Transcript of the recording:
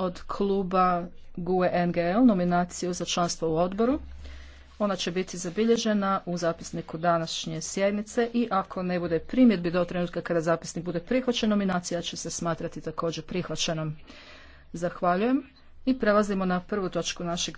od kluba GUE NGL nominaciju za članstvo u odboru. Ona će biti zabilježena u zapisniku današnje sjednice i ako ne bude primjedbi do trenutka kada zapisnik bude prihvaćen, nominacija će se smatrati također prihvaćenom. Zahvaljujem i prelazimo na prvu točku našeg